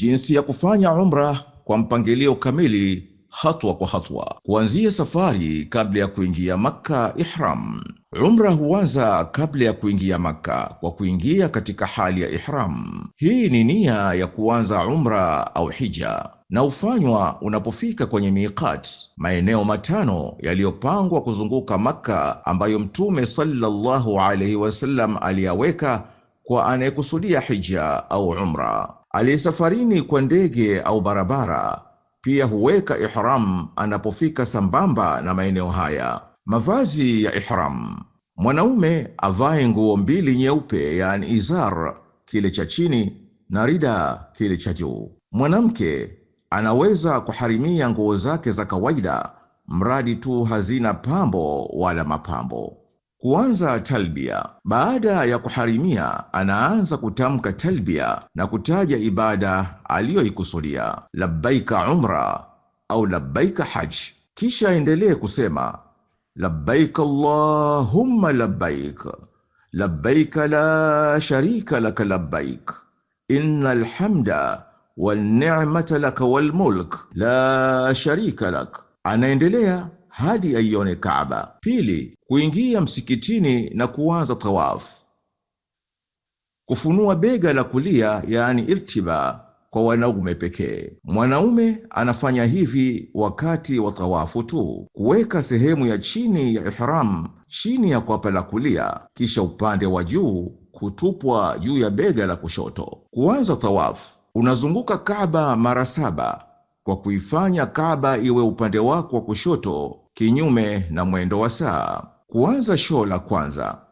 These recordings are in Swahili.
Jinsi ya kufanya umra kwa mpangilio kamili, hatua kwa hatua, kuanzia safari kabla ya kuingia Makka ihram. Umra huanza kabla ya kuingia Makka kwa kuingia katika hali ya ihram. Hii ni nia ya kuanza umra au hija na ufanywa unapofika kwenye miqat, maeneo matano yaliyopangwa kuzunguka Makka ambayo Mtume sallallahu alaihi wasallam aliyaweka kwa anayekusudia hija au umra. Aliyesafarini kwa ndege au barabara pia huweka ihram anapofika sambamba na maeneo haya. Mavazi ya ihram: mwanaume avae nguo mbili nyeupe, yani izar kile cha chini na rida kile cha juu. Mwanamke anaweza kuharimia nguo zake za kawaida, mradi tu hazina pambo wala mapambo. Kuanza talbia. Baada ya kuharimia, anaanza kutamka talbia na kutaja ibada aliyoikusudia, labbaika umra au labbaika haj. Kisha aendelee kusema labbaik allahumma labbaik labbaik la sharika lak labbaik innal hamda wan ni'mata lak wal mulk la sharika lak. Anaendelea hadi aione Kaaba. Pili, kuingia msikitini na kuanza tawaf. kufunua bega la kulia, yani irtiba kwa wanaume pekee. Mwanaume anafanya hivi wakati wa tawafu tu, kuweka sehemu ya chini ya ihram chini ya kwapa la kulia, kisha upande wa juu kutupwa juu ya bega la kushoto. Kuanza tawafu, unazunguka Kaaba mara saba kwa kuifanya Kaaba iwe upande wako wa kushoto kinyume na mwendo wa saa. Kuanza shoo la kwanza,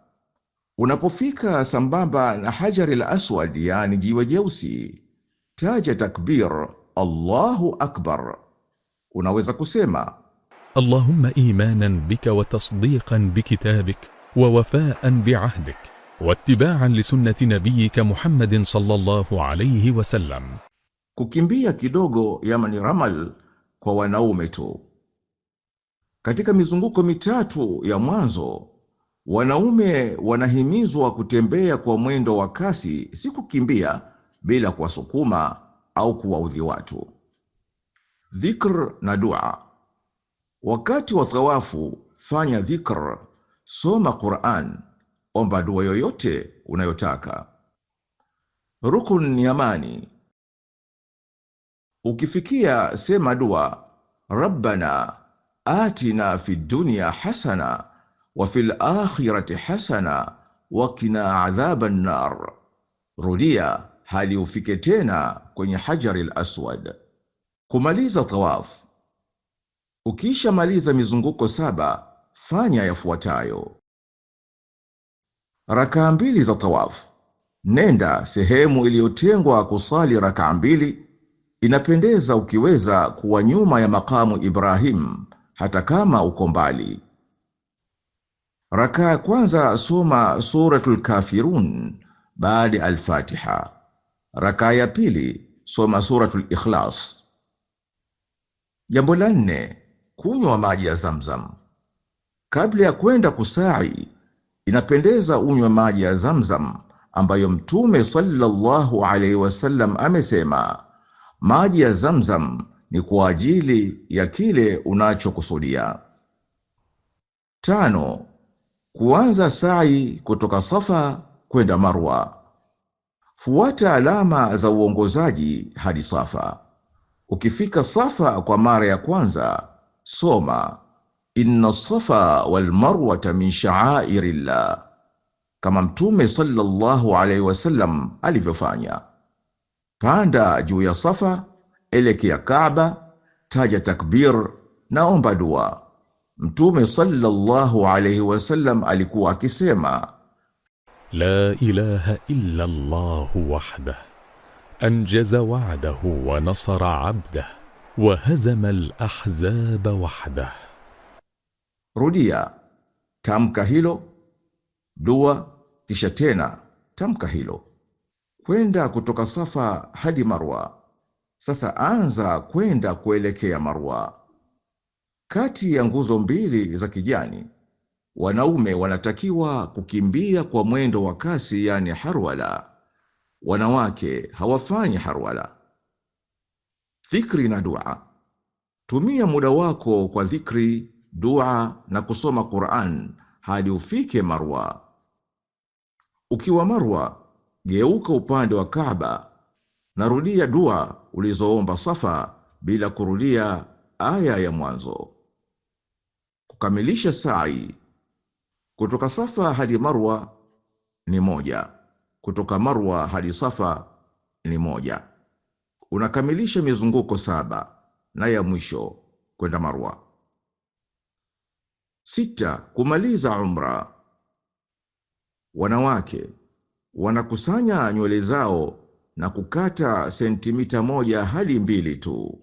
unapofika sambamba na hajari la aswad, yani jiwe jeusi, taja takbir Allahu akbar. Unaweza kusema Allahumma imanan bika wa tasdiqan bikitabik wa wafaan biahdik wattibaan lisunnati nabiyika Muhammadin sallallahu alayhi wasallam. Kukimbia kidogo, yamani ramal kwa wanaume tu. Katika mizunguko mitatu ya mwanzo, wanaume wanahimizwa kutembea kwa mwendo wa kasi, si kukimbia bila kuwasukuma au kuwaudhi watu. Dhikr na dua. Wakati wa thawafu, fanya dhikr, soma Qur'an, omba dua yoyote unayotaka. Rukun ni amani. Ukifikia sema dua rabbana atina fi dunya hasana wa fil akhirati hasana wa qina adhaban nar, rudia hali ufike tena kwenye hajari al-aswad. Kumaliza tawafu. Ukisha maliza mizunguko saba, fanya yafuatayo: rakaa mbili za tawaf. nenda sehemu iliyotengwa kusali rakaa mbili. Inapendeza ukiweza kuwa nyuma ya makamu Ibrahim hata kama uko mbali. Raka ya kwanza soma Suratul Kafirun baada al-Fatiha. Raka ya pili soma Suratul Ikhlas. Jambo la nne, kunywa maji ya Zamzam kabla ya kwenda kusai. Inapendeza unywe maji ya Zamzam ambayo Mtume sallallahu alaihi wasallam amesema maji ya Zamzam ni kwa ajili ya kile unachokusudia. Tano, kuanza sai kutoka Safa kwenda Marwa. Fuata alama za uongozaji hadi Safa. Ukifika Safa kwa mara ya kwanza, soma inna safa wal marwata min shaairillah, kama Mtume sallallahu alaihi wasallam alivyofanya. Panda juu ya Safa elekea Kaaba, taja takbir, naomba dua. Mtume sallallahu alayhi wasallam alikuwa akisema la ilaha illa Allah wahdah anjaza wa'dahu wa nasara 'abdahu wa hazama al-ahzaba wahdah. Rudia, tamka hilo, dua, kisha tena tamka hilo, kwenda kutoka Safa hadi Marwa. Sasa anza kwenda kuelekea Marwa. Kati ya nguzo mbili za kijani, wanaume wanatakiwa kukimbia kwa mwendo wa kasi, yani harwala. Wanawake hawafanyi harwala. Dhikri na dua. Tumia muda wako kwa dhikri, dua na kusoma Qur'an hadi ufike Marwa. Ukiwa Marwa, geuka upande wa Kaaba narudia dua ulizoomba Safa bila kurudia aya ya mwanzo. Kukamilisha sa'i kutoka Safa hadi Marwa ni moja, kutoka Marwa hadi Safa ni moja. Unakamilisha mizunguko saba na ya mwisho kwenda Marwa. Sita, kumaliza umra. Wanawake wanakusanya nywele zao na kukata sentimita moja hadi mbili tu.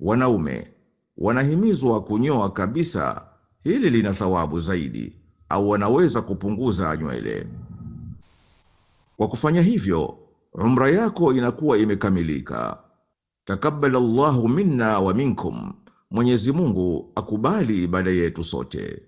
Wanaume wanahimizwa kunyoa kabisa, hili lina thawabu zaidi, au wanaweza kupunguza nywele. Kwa kufanya hivyo, umra yako inakuwa imekamilika. Takabbalallahu minna wa minkum, Mwenyezi Mungu akubali ibada yetu sote.